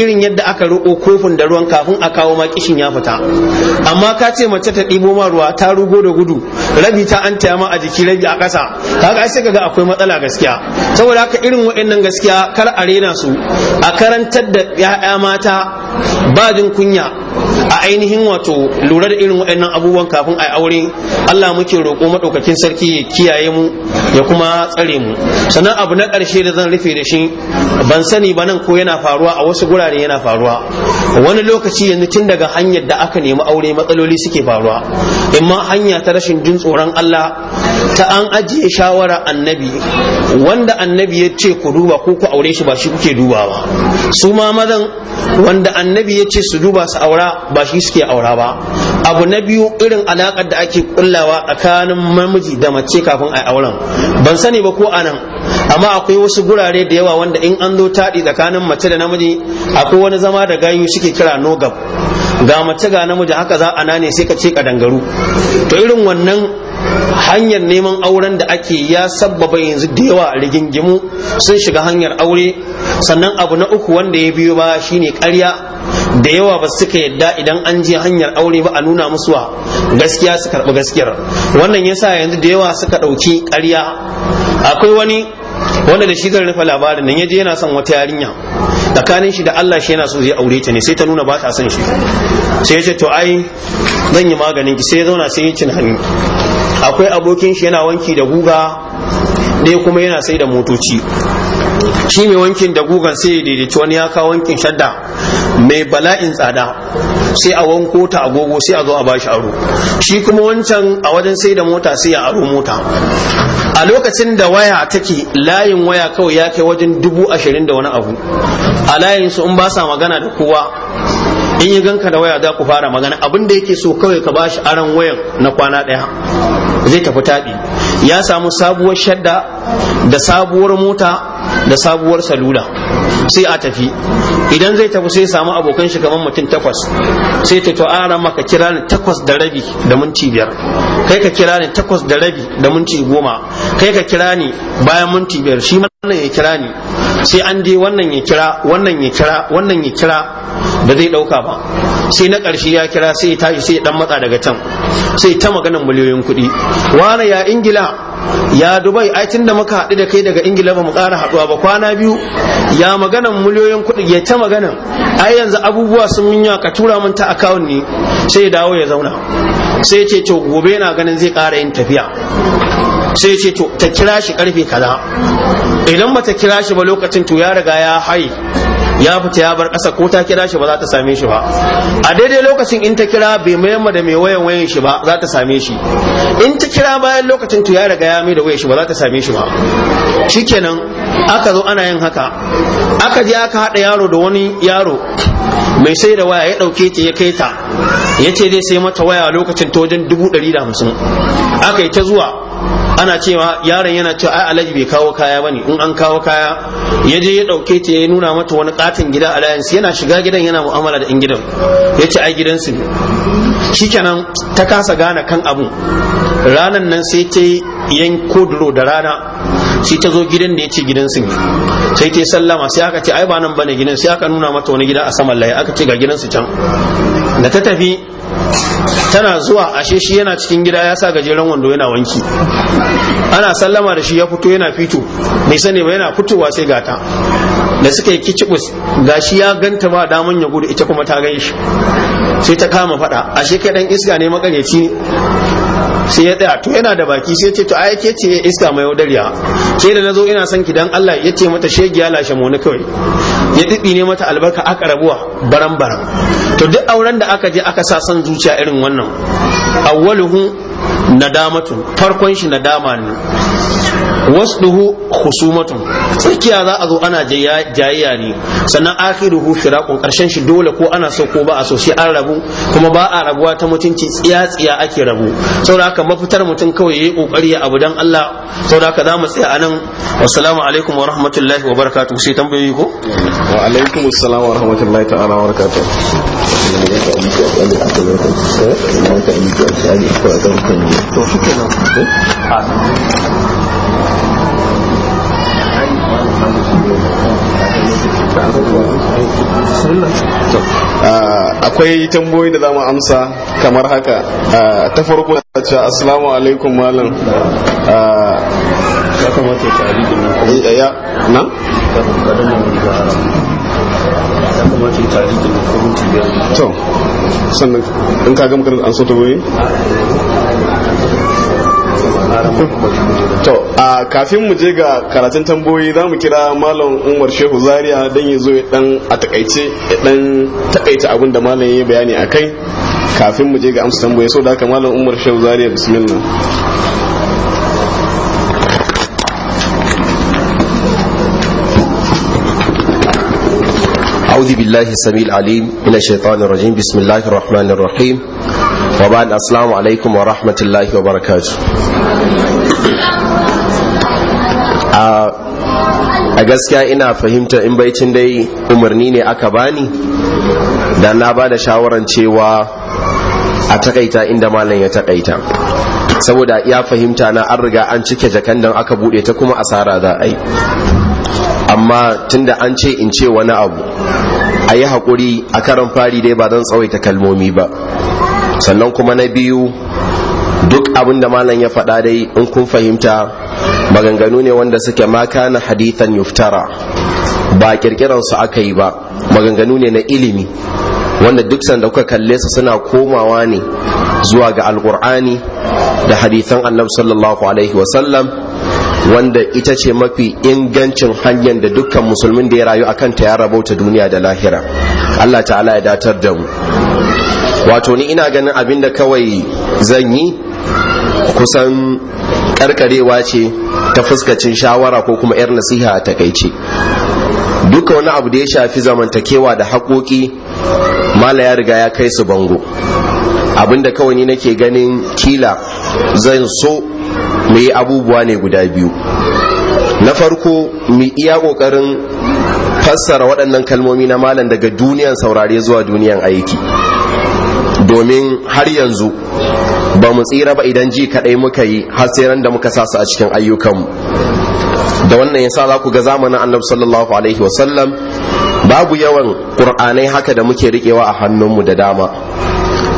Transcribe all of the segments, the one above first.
irin yadda aka roƙo kofin da ruwan kafin a kawo ma kishin ya fita amma ka ce mace ta ɗibo ma ruwa ta rugo da gudu rabi ta an ma a jiki rabi a ƙasa kaga ai sai kaga akwai matsala gaskiya saboda haka irin waɗannan gaskiya kar a rena su a karantar da 'ya'ya mata ba jin kunya a ainihin wato lura da irin waɗannan abubuwan kafin a aure Allah muke roƙo maɗaukakin sarki ya kiyaye mu ya kuma tsare mu sannan abu na ƙarshe da zan rufe da shi ban sani ba nan ko yana faruwa a wasu gurare yana faruwa wani lokaci yanzu tun daga hanyar da aka nemi aure matsaloli suke faruwa imma hanya ta rashin jin tsoron Allah ta an ajiye shawara annabi wanda annabi ya ce ku duba ko ku aure shi ba shi kuke dubawa su ma mazan wanda annabi ya ce su duba su aura ba ba shi suke aura ba abu na biyu irin alakar da ake kullawa tsakanin mamiji da mace kafin a auren ban sani ba ko anan amma akwai wasu gurare da yawa wanda in an zo taɗi tsakanin mace da namiji akwai wani zama da gayu suke kira nogab ga mace ga namiji haka za a nane sai ka ce ka dangaru to irin wannan hanyar neman auren da ake ya sabbaba yanzu da yawa a rigingimu sun shiga hanyar aure sannan abu na uku wanda ya biyo ba shine karya da yawa ba suka yadda idan an je hanyar aure ba a nuna musu gaskiya su karɓi gaskiyar wannan yasa yanzu da yawa suka ɗauki karya akwai wani wanda da shi zai rufe labarin nan yaje yana son wata yarinya tsakanin shi da Allah shi yana so zai aure ta ne sai ta nuna ba ta son shi sai ya ce to ai zan yi maganin ki sai ya zauna sai ya cin hannu akwai abokin shi yana wanki da guga ɗaya kuma yana sai da motoci shi mai wankin da gugan sai ya daidaici wani ya kawo wankin shadda mai bala'in tsada sai a wanko ta agogo sai a zo a bashi aro shi kuma wancan a wajen sai da mota sai ya aro mota a lokacin da waya take layin waya kawai ya kai wajen dubu ashirin da wani abu a layin su in ba sa magana da kowa in yi ganka da waya za ku fara magana abin da yake so kawai ka bashi aron wayan na kwana ɗaya zai tafi taɓi ya samu sabuwar shadda da sabuwar mota da sabuwar salula sai a tafi idan zai tafi sai samu abokan shi kamar mutum takwas sai ta ara maka kira ni takwas da rabi da minti biyar kai ka kira ni takwas da rabi da minti goma kai ka kira ni bayan minti biyar shi mana ya kira ni sai an je wannan ya kira wannan ya kira wannan ya kira ba zai dauka ba sai na ƙarshe ya kira sai tashi sai dan matsa daga can sai ta maganan miliyoyin kuɗi wane ya ingila ya dubai ai tun da muka haɗu da kai daga ingila ba mu ƙara haɗuwa ba kwana biyu ya maganan miliyoyin kuɗi ya ta maganan ai yanzu abubuwa sun yi ka tura mun ta akawun ne sai ya dawo ya zauna sai ce to gobe na ganin zai ƙara yin tafiya sai ce to ta kira shi karfe kaza idan bata kira shi ba lokacin to ya riga ya hai ya fita ya bar kasa ko ta kira shi ba za ta same shi ba a daidai lokacin in ta kira bai mayamma da mai wayan wayan shi ba za ta same shi in ta kira bayan lokacin to ya riga ya mai da wayan shi ba za ta same shi ba shikenan aka zo ana yin haka aka je aka haɗa yaro da wani yaro mai sai da waya ya ɗauke ta ya kai ta ya ce zai sai mata waya lokacin ta wajen dubu ɗari da hamsin aka yi ta zuwa ana cewa yaron yana cewa ai alhaji bai kawo kaya bane in an kawo kaya ya je ya dauke ta ya nuna mata wani katin gida a alliance yana shiga gidan yana mu'amala da in gidan ya ce ai gidansu ne shikenan ta kasa gane kan abu ranan nan sai ta yan duro da rana sai ta zo gidan da ya ce gidansu ne sai ta sallama sai aka ce ai ba nan bane gidan sai aka nuna mata wani gida a saman layi aka ce ga gidansu can da ta tafi tana zuwa ashe shi yana cikin gida ya sa gajeren wando yana wanki ana sallama da shi ya fito yana fito bai sani ba yana fitowa sai gata da suka yi ga shi ya ganta ba daman ya gudu ita kuma ta gan shi sai ta kama fada ashe kai dan iska ne makaneci sai ya tsaya to yana da baki sai ce to ai ke ce iska mai wadariya ke da nazo ina san ki dan Allah ya ce mata shegiya lashe mu kawai ya dibi ne mata albarka aka rabuwa baran baran to duk auren da aka je aka sa san zuciya irin wannan awwaluhu nadamatu farkon shi nadama ne wasduhu khusumatun tsakiya za a zo ana jayayya ne sannan akhiruhu firaqun karshen shi dole ko ana so ko ba a so sai an rabu kuma ba a rabuwa ta mutunci tsiya tsiya ake rabu saboda haka mafitar mutum kawai yayi kokari abu dan Allah saboda haka zamu tsaya anan assalamu alaikum wa rahmatullahi wa barakatuh sai tambayoyi ko wa alaikum assalam wa rahmatullahi ta'ala wa barakatuh to shikenan Ah, akwai tamboyi da zamu amsa kamar haka ah, ta farko da ce assalamu alaikum malam ah, ya kamata ta eh, ya na? to sannan in ka gama an so ta to a kafin mu je ga karatun tamboyi za mu kira malam umar shehu zaria don ya zo dan a takaice dan takaita abin da malam ya bayani a kai kafin mu je ga amsa tamboyi so da haka malam umar shehu zaria bismillah أعوذ بالله السميع العليم من الشيطان الرجيم بسم الله الرحمن الرحيم wa ba'd assalamu alaikum wa rahmatullahi wa barakatu a gaskiya ina fahimta in baicin dai umarni ne aka bani dan na ba da shawaran cewa a takaita inda malam ya takaita saboda ya fahimta na an riga an cike jakan dan aka bude ta kuma asara za a yi amma tunda an ce in ce wani abu a yi haƙuri a karan fari dai ba don tsawaita kalmomi ba sannan kuma na biyu duk abin da malam ya faɗa dai in kun fahimta maganganu ne wanda suke maka na hadithan yuftara ba su aka yi ba maganganu ne na ilimi wanda duk sanda kuka kalle su suna komawa ne zuwa ga alkur'ani da hadithan annabi sallallahu alaihi wasallam wanda ita ce mafi ingancin hanyar da dukkan musulmin da ya rayu akan ta ya rabauta duniya da lahira allah ta'ala ya datar da mu wato ni ina ganin abin da kawai zan yi kusan karkarewa ce ta fuskacin shawara ko kuma 'yar nasiha a takaice duka wani abu da ya shafi zamantakewa da haƙoƙi mala ya riga ya kai su bango abinda kawai ni nake ganin kila zan so mu yi abubuwa ne guda biyu na farko mu iya ƙoƙarin fassara waɗannan kalmomi na malam daga duniyan saurare zuwa duniyan aiki domin har yanzu ba mu tsira ba idan ji kaɗai muka yi har sai ran da muka sa su a cikin ayyukanmu da wannan yasa za ku ga zamanin annabi sallallahu alaihi wasallam babu yawan ƙur'anai haka da muke riƙewa a hannunmu da dama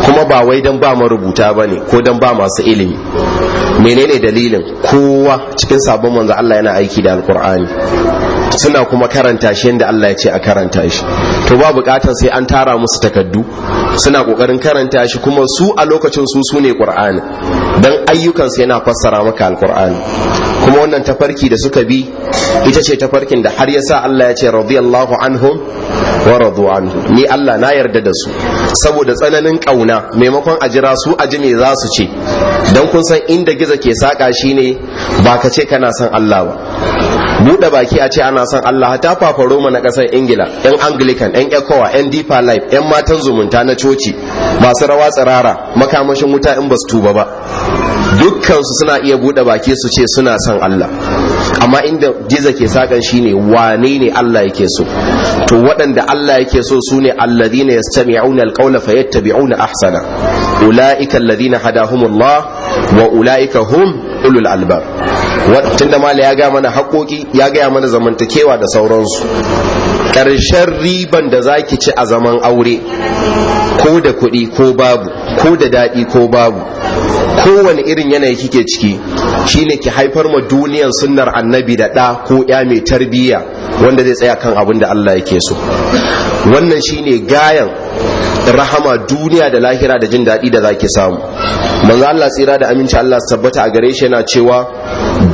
kuma ba wai don ba marubuta ba ne ko don ba masu ilimi menene dalilin kowa cikin sabon manzo Allah yana aiki da alƙur'ani suna kuma karanta shi yadda Allah ya ce a karanta shi to ba bukatar sai an tara musu takaddu suna kokarin karanta shi kuma su a lokacin su su ne qur'ani dan ayyukan su yana fassara maka alqur'ani kuma wannan tafarki da suka bi ita ce tafarkin da har yasa Allah ya ce radiyallahu anhum wa radu anhu ni Allah na yarda da su saboda tsananin kauna maimakon a jira su a ji me za su ce dan kun san inda giza ke saka shine ba ka ce kana son Allah ba buɗe baki a ce ana son Allah ta fafaro mana ƙasar Ingila yan Anglican yan ECOWA yan Deeper Life yan matan zumunta na coci masu rawa tsirara makamashin wuta in ba su tuba ba dukkansu suna iya buɗe baki su ce suna son Allah amma inda jiza ke sakan shine wane ne Allah yake so to waɗanda Allah yake so su ne alladhina yastami'una alqawla fayattabi'una ahsana ulaika alladhina hadahumullah wa ulaika hum ulul albab tunda mala ya gaya mana haƙoƙi ya gaya mana zamantakewa da sauransu ƙarshen riban da za ki ci a zaman aure ko da kuɗi ko babu ko da daɗi ko babu kowane irin yanayi kike ciki shine ki haifar ma duniyar sunnar annabi da ɗa ko ya mai tarbiyya wanda zai tsaya kan abin da Allah yake so wannan shine gayan rahama duniya da lahira da jin daɗi da zaki samu manzo Allah tsira da aminci Allah tabbata a gare shi yana cewa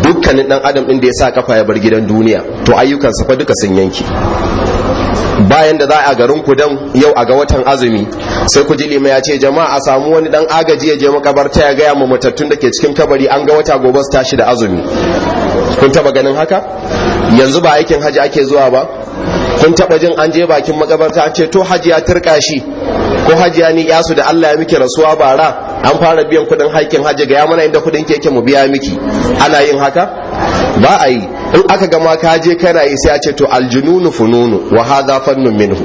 dukkanin dan adam din da ya sa kafa ya bar gidan duniya to ayyukansa fa duka sun yanki bayan da za a garin ku dan yau a ga watan azumi sai ku ji lima ya ce jama'a a samu wani dan agaji ya je makabarta ya gaya ma matattun da ke cikin kabari an ga wata gobe su tashi da azumi kun taba ganin haka yanzu ba aikin haji ake zuwa ba kun taba jin an je bakin makabarta an ce to hajiya turka shi ko hajiya ni yasu da Allah ya miki rasuwa bara an fara biyan kudin haikin haji ga ya mana inda kudin keke mu biya miki ana yin haka ba a yi in aka gama ka je kana yi sai a ce to aljununu fununu wa hadha fannun minhu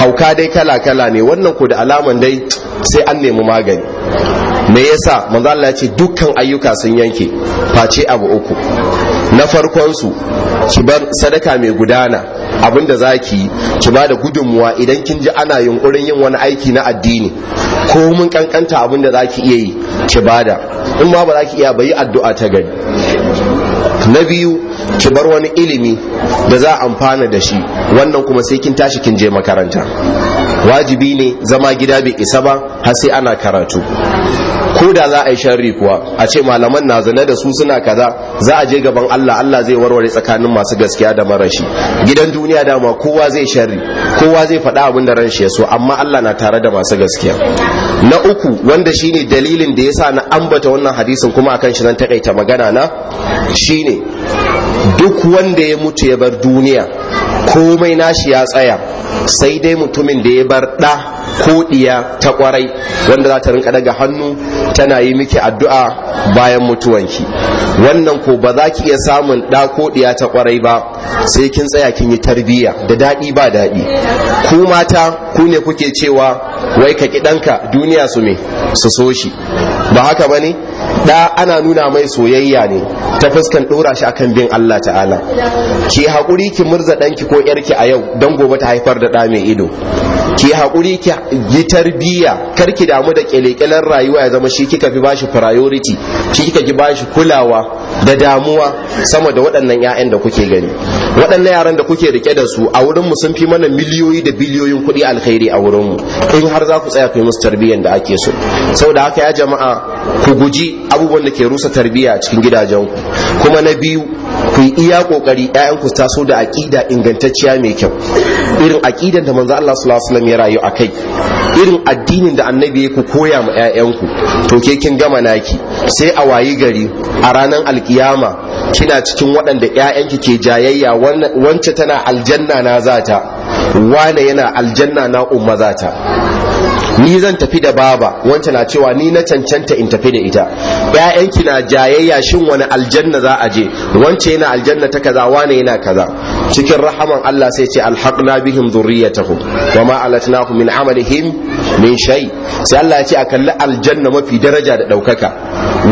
hauka dai kala kala ne wannan ku da alaman dai sai an nemi magani me yasa manzo Allah ya ce dukkan ayyuka sun yanke face abu uku na farkon su ki bar sadaka mai gudana abin da za ki ki ba da gudunmuwa idan kin ji ana yunkurin yin wani aiki na addini ko mun kankanta abin da za ki iya yi ki ba da in ma ba za ki iya bayi addu'a ta gari na biyu ki bar wani ilimi da za a amfana da shi wannan kuma sai kin tashi kin je makaranta wajibi ne zama gida bai isa ba har sai ana karatu ko da za a yi sharri kuwa a ce malaman na zane da su suna kaza za a je gaban Allah Allah zai warware tsakanin masu gaskiya da marashi gidan duniya dama kowa zai sharri kowa zai faɗa abin da ran shi ya so amma Allah na tare da masu gaskiya na uku wanda shine dalilin da yasa na ambata wannan hadisin kuma akan shi nan takaita magana na shine duk wanda ya mutu ya bar duniya komai nashi ya tsaya sai dai mutumin da ya bar ɗa ko ɗiya ta kwarai wanda za ta rinka daga hannu tana yi miki addu'a bayan mutuwanki wannan ko ba za ki iya samun ɗa ko ɗiya ta kwarai ba sai kin tsaya kin yi tarbiyya da daɗi ba daɗi ku mata ku ne kuke cewa wai ka kiɗanka duniya su me su so shi ba haka ba ne da ana nuna mai soyayya ne ta fuskan dora shi akan bin Allah ta'ala ki hakuri ki murza ɗanki ko yarki a yau dan gobe ta haifar da ɗa mai ido ki hakuri ki yi tarbiyya kar ki damu da kyalekyalen rayuwa ya zama shi kika fi bashi priority shi kika fi bashi kulawa da damuwa sama da waɗannan 'ya'yan da kuke gani waɗannan yaran da kuke rike da su a wurin mu sun fi mana miliyoyi da biliyoyin kuɗi alkhairi a wurin mu in har za ku tsaya ku yi musu tarbiyyar da ake so saboda haka ya jama'a ku guji abubuwan da ke rusa tarbiyya a cikin gidajen kuma na biyu ku yi iya kokari ƴaƴan ku taso da aqida ingantacciya mai kyau irin aqidan da manzo Allah sallallahu alaihi wasallam ya rayu akai irin addinin da annabi ya ku koya ma 'ya'yanku ku to ke kin gama naki sai a wayi gari a ranar alkiyama kina cikin waɗanda ƴaƴanki ke jayayya wance tana aljanna na zata wane yana aljanna na umma zata ni zan tafi da baba wancan na cewa ni na cancanta in tafi da ita ƴaƴanki na jayayya shin wani aljanna za a je wancan yana aljanna ta kaza wane yana kaza cikin rahaman Allah sai ce alhaqna bihim dhurriyyatahum wa ma alatnahum min amalihim min shay sai Allah ya ce a kalli aljanna mafi daraja da daukaka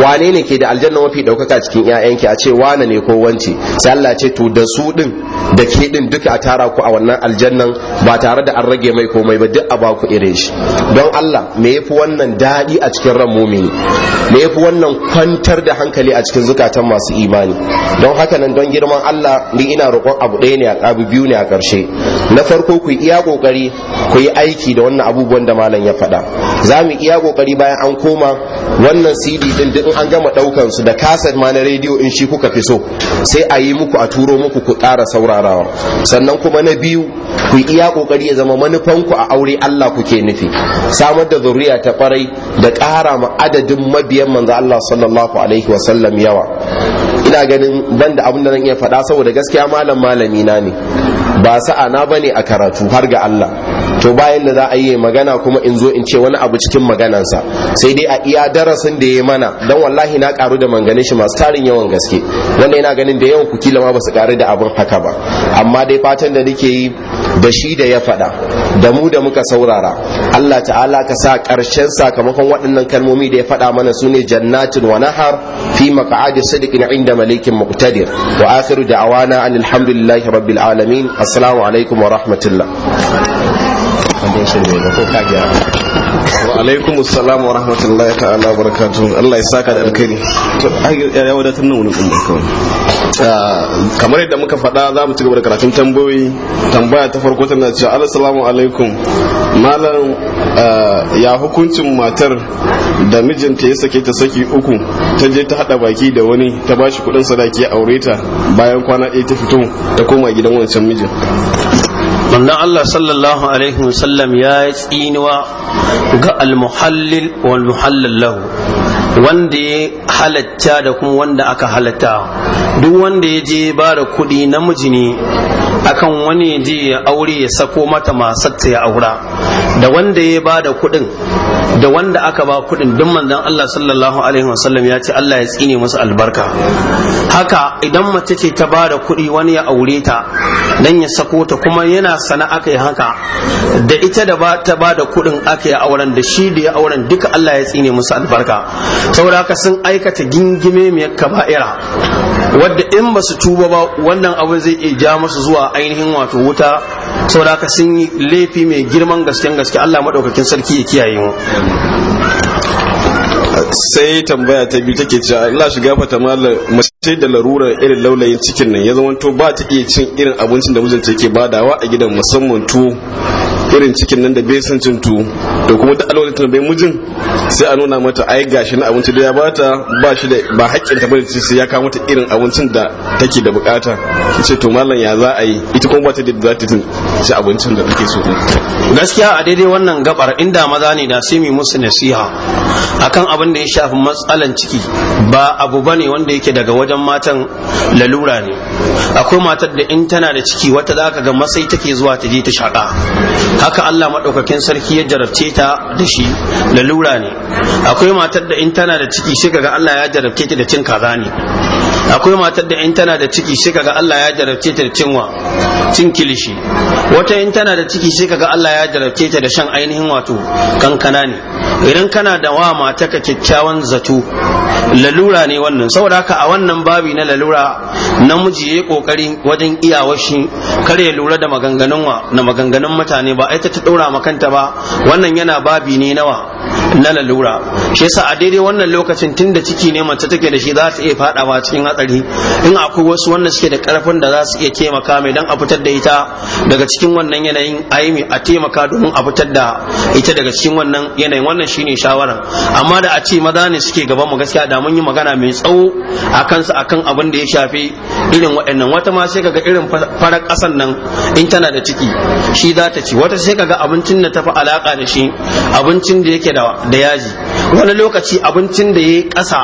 wane ne ke da aljanna mafi daukaka cikin ƴaƴanki a ce wane ne ko wance sai Allah ce to da su din da ke din duka a tara ku a wannan aljannan ba tare da an rage mai komai ba duk a ba ku irin shi don Allah me yafi wannan daɗi a cikin ran mumini me yafi wannan kwantar da hankali a cikin zukatan masu imani don haka nan don girman Allah ni ina roƙon abu ɗaya ne a abu biyu ne a ƙarshe na farko ku iya ƙoƙari ku yi aiki da wannan abubuwan da malam ya faɗa za mu iya ƙoƙari bayan an koma wannan CD din in an gama daukan su da kaset ma na rediyo in shi kuka fi so sai a yi muku a turo muku ku ƙara saurarawa sannan kuma na biyu ku iya kokari ya zama manufan ku a aure Allah kuke nufi samar da zuriya ta kwarai da ƙara ma adadin mabiyan manzo Allah sallallahu alaihi wa sallam yawa ina ganin banda abin da zan iya faɗa saboda gaskiya malam malami na ne ba sa'a na bane a karatu har ga Allah to bayan da za a yi magana kuma in zo in ce wani abu cikin maganansa sai dai a iya darasin da ya mana don wallahi na karu da manganin shi masu tarin yawan gaske wanda yana ganin da yawan kukila ma basu karu da abin haka ba amma dai fatan da nake yi da shi da ya faɗa da mu da muka saurara Allah ta'ala ka sa ƙarshen sakamakon waɗannan kalmomi da ya faɗa mana su ne jannatin wa nahar fi maq'adi sidqin inda malikin muqtadir wa akhiru da'wana alhamdulillahi rabbil alamin assalamu alaikum wa rahmatullah abin shirme ba ko ka gyara wa alaikum assalamu wa rahmatullahi ta'ala wa barakatuh Allah ya saka da alkhairi to ya wadatar nan wannan kuma kawai ah, kamar yadda muka faɗa za mu ci gaba da karatun tambayoyi tambaya ta farko tana cewa assalamu alaikum malam ah, ya hukuncin matar da mijinta ya sake ta saki uku ta je ta hada baki da wani ta bashi kudin sadaki ya aure ta bayan kwana ɗaya ta fito ta koma gidan wancan mijin manzon Allah sallallahu alaihi wasallam ya yi tsiniwa ga almuhallil wal muhallal lahu wanda ya halatta da kuma wanda aka halatta duk wanda ya je ba da kuɗi namiji ne akan wani ya je ya aure ya sako mata masarta ya aura da wanda ya ba da kuɗin da wanda aka ba kuɗin duk manzon Allah sallallahu alaihi wasallam ya ce Allah ya tsine musu albarka haka idan mace ce ta ba da kuɗi wani ya aure ta dan ya sako ta kuma yana sana aka yi haka da ita da ta ba da kuɗin aka yi auren da shi da ya auren duka Allah ya tsine musu albarka saboda haka sun aikata gingime mai kaba'ira wadda in ba su tuba ba wannan abin zai iya ja musu zuwa ainihin wato wuta saboda ka sun yi laifi mai girman gasken gaske Allah maɗaukakin sarki ya kiyaye mu sai tambaya ta biyu take cewa Allah shi gafata mallam mace da larura irin laulayin cikin nan ya zamanto ba ta iya cin irin abincin da mijinta yake badawa a gidan musamman tu irin cikin nan da bai san cin tu da kuma da alwala tana bai mijin sai a nuna mata ai gashi na abinci da ya bata ba shi da ba haƙƙin ta bane sai ya kawo mata irin abincin da take da bukata ce to mallam ya za a yi ita kuma ba ta da za ta ci abincin da kake so gaskiya a daidai wannan gabar inda maza ne da sai mu musu nasiha akan abin da ya shafi matsalan ciki ba abu bane wanda yake daga wajen matan lalura ne akwai matar da in tana da ciki wata zaka ga masai take zuwa ta je ta shaka haka Allah madaukakin sarki ya jarabce ta da shi lalura ne akwai matar da in tana da ciki sai kaga Allah ya jarabce ta da cin kaza ne akwai matar da in tana da ciki sai kaga Allah ya jarabce ta da cinwa cin kilishi wata in tana da ciki sai kaga Allah ya jarabce ta da shan ainihin wato kankana ne idan kana da wa mata ka kyakkyawan zato lalura ne wannan saboda haka a wannan babi na lalura namiji yayi kokari wajen iyawar shi kare lura da maganganun wa na maganganun mutane ba ita ta dora makanta ba wannan yana babi ne nawa na lalura shi yasa a daidai wannan lokacin tun da ciki ne mace take da shi za ta iya fadawa cikin hatsari in akwai wasu wanda suke da karfin da za su iya taimaka mai dan a fitar da ita daga cikin wannan yanayin ayi a taimaka domin a fitar da ita daga cikin wannan yanayin wannan shine shawara amma da a ce maza ne suke gaba mu gaskiya da mun yi magana mai tsawo a kansa akan abin da ya shafi irin waɗannan wata ma sai kaga irin farar ƙasan nan in tana da ciki shi za ta ci wata sai kaga abincin da tafi alaka da shi abincin da yake da da yaji wani lokaci abincin da ya ƙasa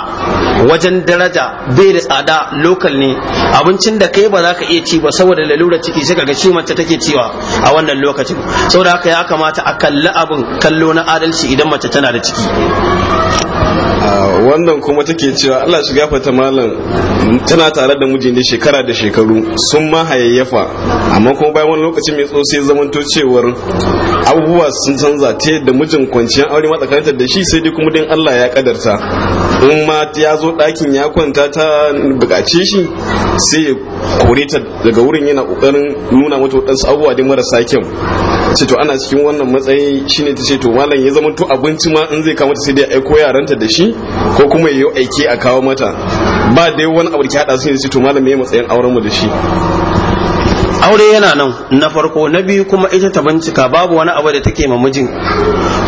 wajen daraja bai da tsada lokal ne abincin da kai ba za ka iya ci ba saboda lalurar ciki sai kaga shi mace take cewa a wannan lokacin saboda haka ya kamata a kalli abin kallo na adalci idan mace tana da ciki wannan kuma take cewa Allah shi gafarta malam tana tare da mijin ne shekara da shekaru sun ma hayayyafa amma kuma bayan wani lokaci mai tsoro sai zamanto cewar abubuwa sun canza ta yadda mijin kwanciyar aure matsakaninta da shi sai dai kuma din Allah ya kadarta in ma ya zo dakin ya kwanta ta buƙace shi sai ya kore daga wurin yana ƙoƙarin nuna mata waɗansu abubuwa dai marasa kyau ce to ana cikin wannan matsayi shine ta ce to malam ya zama to abinci ma in zai kawo mata sai dai aiko yaranta da shi ko kuma yayi aike a kawo mata ba dai wani abu da ke hada su ne ce to malam me matsayin auren mu da shi aure yana nan na farko na biyu kuma ita ta bincika babu wani abu da take mamajin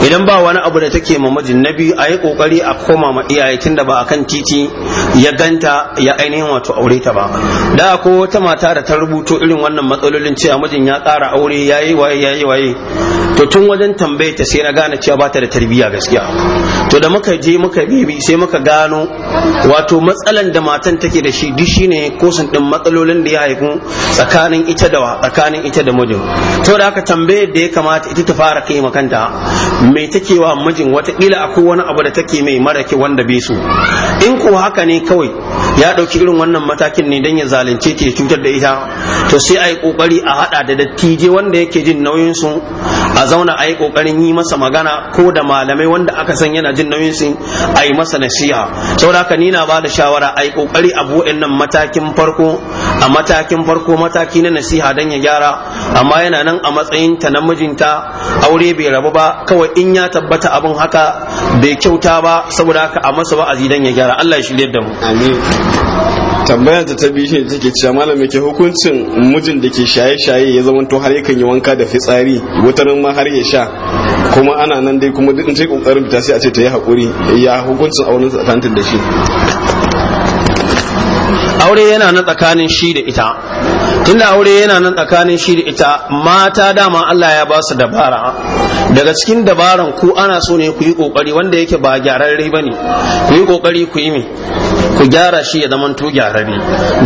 idan ba wani abu da take mamajin na biyu a yi kokari a koma ma iyaye tun da ba a kan titi ya ganta ya ainihin wato aure ta ba da ko wata mata da ta rubuto irin wannan matsalolin cewa mijin ya ƙara aure ya yi waye ya yi waye to tun wajen tambaye ta sai na gane cewa ba ta da tarbiyya gaskiya to da muka je muka bibi sai muka gano wato matsalan da matan take da shi duk shine sun din matsalolin da ya haifu tsakanin ita ita da wa tsakanin ita da mijin to da haka tambayar da ya kamata ita ta fara kai makanta mai take wa mijin wata watakila akwai wani abu da take mai mara ke wanda bai su in ko haka ne kawai ya ɗauki irin wannan matakin ne dan ya zalunce ta cutar da ita to sai ai kokari a haɗa da dattije wanda yake jin nauyin su a zauna a yi yi masa magana ko da malamai wanda aka san yana jin nauyin su a masa nasiha saboda haka ni na ba da shawara ai kokari ƙoƙari a nan matakin farko a matakin farko mataki na nasiha nasiha dan ya gyara amma yana nan a matsayin ta na mijinta aure bai rabu ba kawai in ya tabbata abun haka bai kyauta ba saboda haka a masa wa'azi dan ya gyara Allah ya shirye da mu amin tambayar ta biyu shi take cewa malam ke hukuncin mijin da ke shaye-shaye ya zama to har yakan yi wanka da fitsari wutar ma har ya sha kuma ana nan dai kuma duk in ta kokarin ta sai a ce ta yi hakuri ya hukuncin auren sa da shi aure yana nan tsakanin shi da ita tunda aure yana nan tsakanin shi da ita mata dama Allah ya ba su dabara daga cikin dabaran ku ana so ne ku yi kokari wanda yake ba gyararre bane ku yi kokari ku yi mi ku gyara shi ya zama to gyararre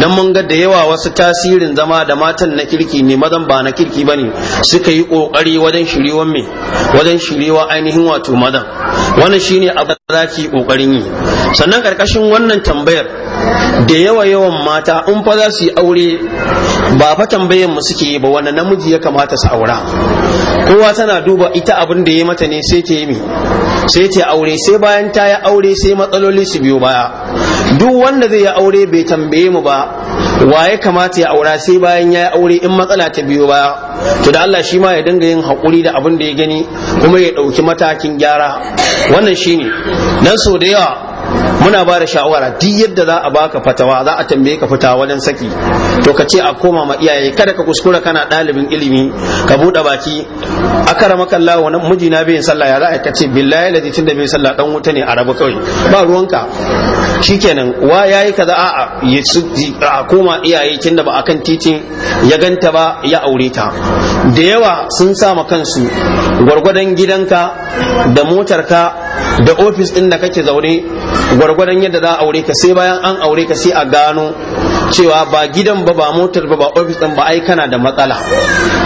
dan mun ga da yawa wasu tasirin zama da matan na kirki ne mazan ba na kirki bane suka yi kokari wajen shiriwan me wajen shiriwa ainihin wato madan wannan shine abin da zaki kokarin yi sannan karkashin wannan tambayar da yawa yawan mata in fa za su yi aure ba fa tambayen mu suke ba wani namiji ya kamata su aura kowa tana duba ita abin da ya mata ne sai ta yi mi sai ta aure sai bayan ta yi aure sai matsaloli su biyo baya duk wanda zai yi aure bai tambaye mu ba waye kamata ya aura sai bayan ya yi aure in matsala ta biyo baya to da Allah shi ma ya dinga yin hakuri da abin da ya gani kuma ya ɗauki matakin gyara wannan shine dan so da yawa muna ba da shawara duk yadda za a baka fatawa za a tambaye ka fita wajen saki to ka ce a koma ma iyaye kada ka kuskura kana ɗalibin ilimi ka buɗe baki akaramaka Allah wani miji na bai sallah ya za a kace billahi ladi tunda bai sallah dan wuta ne a rabu kawai ba ruwanka shikenan wa yayi kaza a'a ya a koma iyaye tunda ba akan titin ya ganta ba ya aure ta da yawa sun sa ma kansu gwargwadon gidanka da motarka da ofis din da kake zaune gwargwadon yadda za a aure ka sai bayan an aure ka sai a gano cewa ba gidan ba ba motar ba ba ofis din ba ai kana da matsala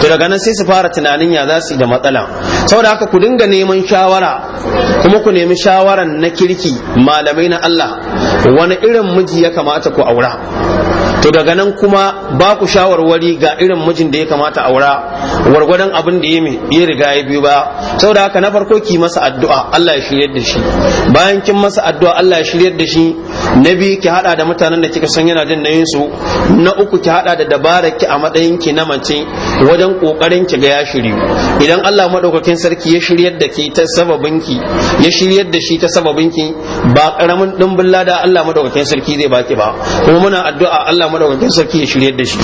to daga nan sai su fara tunanin ya za su da matsala saboda haka ku dinga neman shawara kuma ku nemi shawaran na kirki malamai na Allah wani irin miji ya kamata ku aura to daga nan kuma ba ku shawarwari ga irin mijin da ya kamata aura wargwadon abin da ya riga ya biyu ba saboda haka na farko ki masa addu'a Allah ya shiryar da shi bayan kin masa addu'a Allah ya shirya da shi na biyu ki hada da mutanen da kika san yana jin nayin su na uku ki hada da dabarar ki a matsayin ki na mace wajen kokarin ki ga ya idan Allah madaukakin sarki ya shiryar da ki ta sababin ki ya shiryar da shi ta sababin ki ba karamin dimbin lada Allah madaukakin sarki zai baki ba kuma muna addu'a Allah Allah wajen sarki ya shirye da shi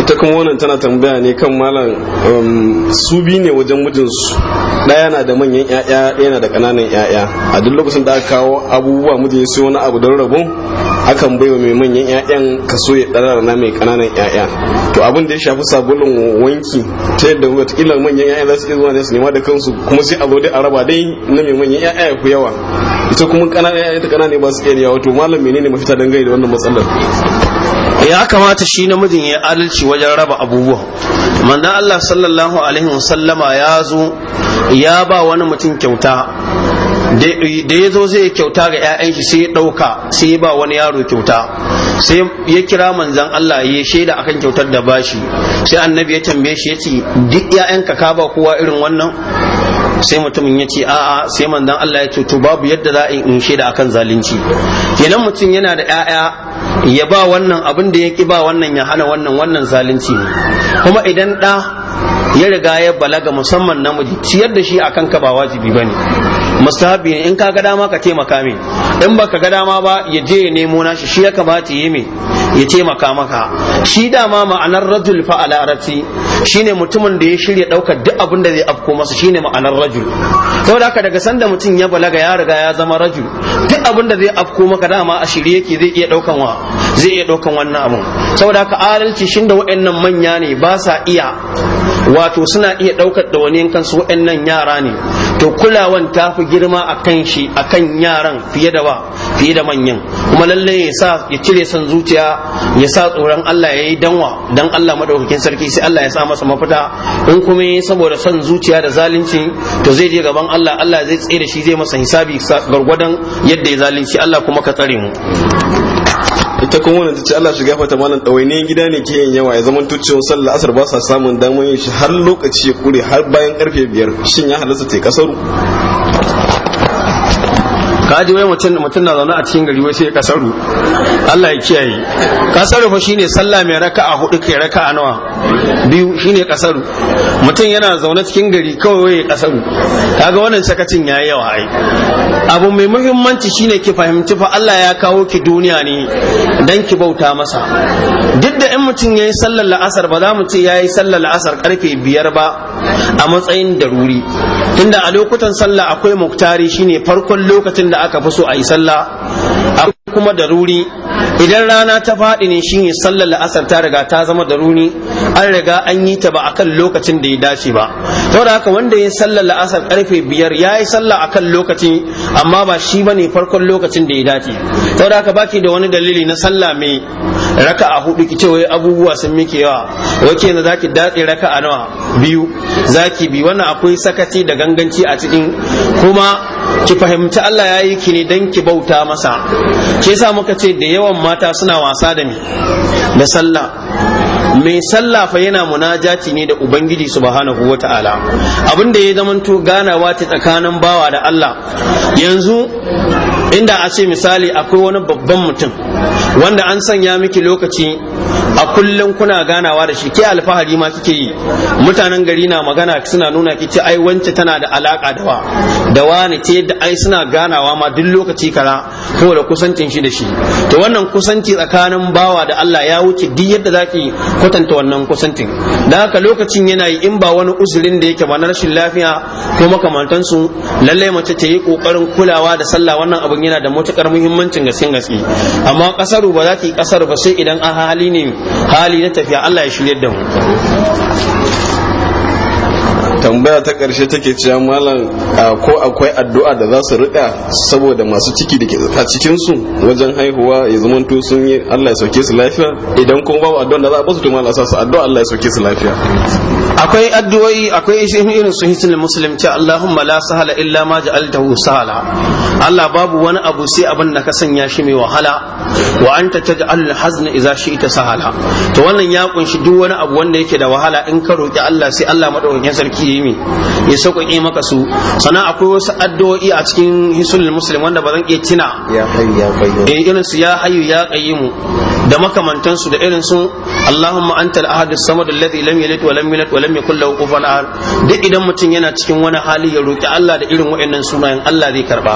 ita kuma wannan tana tambaya ne kan malam um, su bi ne wajen mijinsu ɗaya na da manyan ƴaƴa ɗaya na da ƙananan ƴaƴa a duk lokacin da aka kawo abubuwa mijin sai wani abu don rabon akan wa mai manyan ƴaƴan kaso ya dara na mai ƙananan ƴaƴa to abin da ya shafi sabulun wanki ta yadda kila manyan yaya za su iya zuwa ne su nema da kansu kuma sai a zo dai a raba dai na mai manyan ƴaƴa ku yawa ita kuma kanana ya ta kanana ba su iya niyawa to malam menene mafita dangane da wannan matsalar ya kamata shi namijin ya adalci wajen raba abubuwa manzon Allah sallallahu alaihi wasallama ya zo ya ba wani mutum kyauta da ya zo zai kyauta ga 'ya'yan shi sai ya ɗauka sai ya ba wani yaro kyauta sai ya kira manzan Allah ya shaida akan kyautar da bashi sai annabi ya tambaye shi ya ce duk ka ka ba kowa irin wannan sai mutumin ya ce a'a sai manzon Allah ya ce to babu yadda za a in shaida akan zalunci kenan mutum yana da ƴaƴa ya ba wannan abin da ya ba wannan ya hana wannan wannan zalunci ne kuma idan ɗa ya riga ya balaga musamman namiji ciyar da shi akan ka ba wajibi bane mustahabi in ka ga dama ka taimaka min in baka ga dama ba ya je ya nemo nashi shi ya kamata yi min ya taimaka maka shi dama ma'anar rajul fa a shi shine mutumin da ya shirya daukar duk abin da zai afko masa shine ma'anar rajul saboda haka daga sanda mutum ya balaga ya riga ya zama rajul duk abin da zai afko maka dama a shirye yake zai iya daukan wa zai iya daukan wannan abun saboda haka adalci shin da waɗannan manya ne ba sa iya wato suna iya daukar da wani kansu waɗannan yara ne to kulawan tafi girma a kan shi a kan yaran fiye da wa fiye da manyan kuma lalle ya sa ya cire son zuciya ya sa tsoron Allah ya yi danwa dan Allah madaukakin sarki sai Allah ya sa masa mafita in kuma saboda son zuciya da zalunci to zai je gaban Allah Allah zai tsere shi zai masa hisabi gargwadon yadda ya zalunci Allah kuma ka tsare mu ita kuma wannan tace Allah shiga fata malam dawaine gida ne ke yin yawa ya zaman tucciyar sallar asar ba sa samun damar yin shi har lokaci ya kure har bayan karfe biyar shin ya halasta ta kasaru kaji wai mutum na zaune a cikin gari wai sai kasaru Allah ya kiyaye kasaru fa shine sallah mai raka a hudu kai raka a nawa biyu shine kasaru mutum yana zaune cikin gari kawai ya kasaru kaga wannan sakacin yayi yawa ai abu mai muhimmanci shine ki fahimci fa Allah ya kawo ki duniya ne dan ki bauta masa duk da in mutum yayi sallar la'asar ba za mu ce yayi sallar la'asar karfe biyar ba a matsayin daruri tunda a lokutan sallah akwai muktari shine farkon lokacin da aka fi so a yi sallah kuma daruri idan rana ta faɗi ne shine sallar la'asar ta riga ta zama da runi an riga an yi ta ba a kan lokacin da ya dace ba to da haka wanda ya yi sallar la'asar karfe biyar ya yi sallah kan lokaci amma ba shi ba ne farkon lokacin da ya dace to da haka baki da wani dalili na sallah mai raka a hudu ki ce wai abubuwa sun muke yawa wake na zaki raka a nawa biyu zaki bi wannan akwai sakaci da ganganci a cikin kuma ki fahimci Allah ya yi ki ne dan ki bauta masa ke sa muka ce da yawan mata suna wasa da ni da sallah mai sallah fa yana munajati ne da ubangiji subhanahu wata'ala abin da ya zamanto ganawa ta tsakanin bawa da Allah yanzu inda a ce misali akwai wani babban mutum wanda an sanya miki lokaci a kullum kuna ganawa da shi ke alfahari ma kike yi mutanen gari na magana suna nuna kici ai wance tana da alaka da wa da wani ce da ai suna ganawa ma duk lokaci kara ko da kusancin shi da shi to wannan kusanci tsakanin bawa da Allah ya wuce duk yadda zaki kwatanta wannan kusancin dan haka lokacin yana yi in ba wani uzurin da yake ba na rashin lafiya ko makamantansu lalle mace ta yi kokarin kulawa da sallah wannan abun yana da matukar muhimmancin gaske gaske amma kasaru ba za ki kasaru ba sai idan a hali ne hali na tafiya Allah ya shiryar da mu tambaya ta karshe take cewa malam ko akwai addu'a da za su rika saboda masu ciki da ke a cikin su wajen haihuwa ya zama to sun yi Allah ya sauke su lafiya idan kuma babu addu'a da za a basu to malam sa su addu'a Allah ya sauke su lafiya akwai addu'o'i akwai irin su hisin muslim ce Allahumma la sahala illa ma ja'altahu sahala Allah babu wani abu sai abin da ka sanya shi mai wahala wa anta taj'al hazna idza shi'ta sahala to wannan ya kunshi duk wani abu wanda yake da wahala in ka roki Allah sai Allah madaukakin sarki ya yi ya sauƙaƙe maka su sannan akwai wasu addu'o'i a cikin hisulul muslim wanda ba zan iya tina ya hayyu ya qayyum eh, irin su ya hayyu ya qayyum da makamantan su da irin su Allahumma antal ahad as-samad alladhi lam yalid wa lam yulad wa lam yakul lahu kufuwan ahad duk idan mutum yana cikin wani hali ya roki Allah da irin waɗannan sunayen Allah zai karba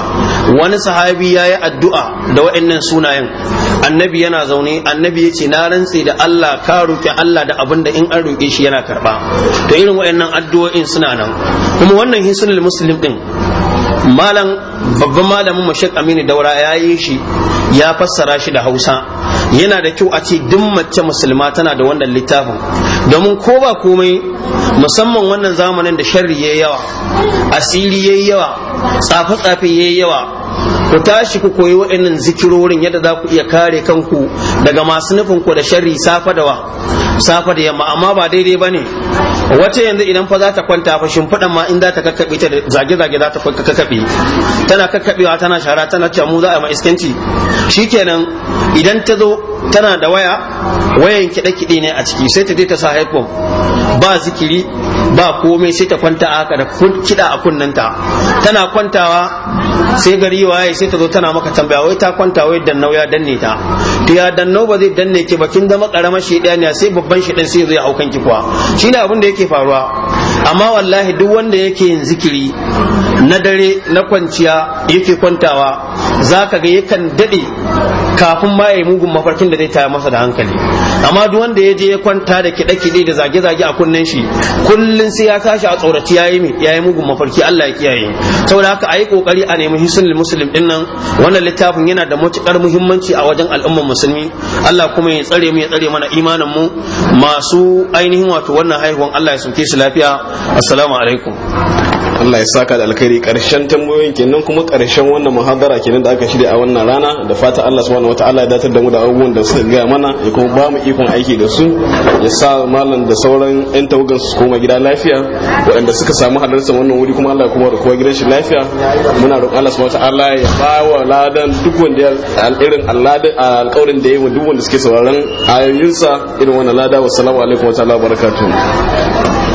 wani sahabi yayi addu'a da waɗannan sunayen annabi yana zaune annabi ya ce na rantse da Allah ka roki Allah da abin da in an roke shi yana karba to irin waɗannan addu'o'i hanyoyin suna nan kuma wannan hisnul muslim din malam babban malamin mashek aminu daura ya yi shi ya fassara shi da hausa yana da kyau a ce duk mace musulma tana da wannan littafin domin ko ba komai musamman wannan zamanin da sharri ya yawa asiri ya yawa tsafe-tsafe ya yawa ku tashi ku koyi waɗannan zikirorin yadda za ku iya kare kanku daga masu nufin ku da sharri safa da wa safa da yamma amma ba daidai ba ne wace yanzu idan fa za ta kwanta fa shimfiɗan ma in za ta kakkaɓe ta zage-zage za ta kakkaɓe tana kakkaɓewa tana shara tana cewa mu za a ma iskanci shikenan idan ta zo tana da waya wayan kiɗe-kiɗe ne a ciki sai ta je ta sa headphone ba zikiri ba komai sai ta kwanta haka da kiɗa a kunnanta tana kwantawa sai gari waye sai ta zo tana maka tambaya wai ta kwanta wai dannau ya danne ta to ya dannau ba zai danne ki ba kin zama shi ɗaya ne sai babban shi ɗin sai zo ya aukan ki kuwa shine abin da yake faruwa amma wallahi duk wanda yake yin zikiri na dare na kwanciya yake kwantawa zaka ga yakan daɗe. kafin ma yayi mugun mafarkin da zai taya masa da hankali amma duk wanda ya je ya kwanta da kiɗe kiɗe da zage zage a kunnen shi kullun sai ya tashi a tsoraci yayi mi yayi mugun mafarki Allah ya kiyaye saboda haka ayi kokari a nemi hisnul muslim din nan wannan littafin yana da matukar muhimmanci a wajen al'ummar musulmi Allah kuma ya tsare mu ya tsare mana imanin mu masu ainihin wato wannan haihuwan Allah ya sauke su lafiya assalamu alaikum Allah ya saka da alkhairi karshen tambayoyin kenan kuma karshen wannan muhadara kenan da aka shirya a wannan rana da fata Allah subhanahu wataala ya datar da mu da abubuwan da suka gaya mana ya kuma ba mu ikon aiki da su ya sa malam da sauran yan tawagan su koma gida lafiya waɗanda suka samu halartar wannan wuri kuma Allah ya kuma rukuwa gidan shi lafiya muna roƙon Allah subhanahu wataala ya ba wa ladan duk wanda ya irin alƙawarin da ya yi duk wanda suke sauraron ayoyinsa irin wannan lada wassalamu alaikum wa ta'ala barakatuh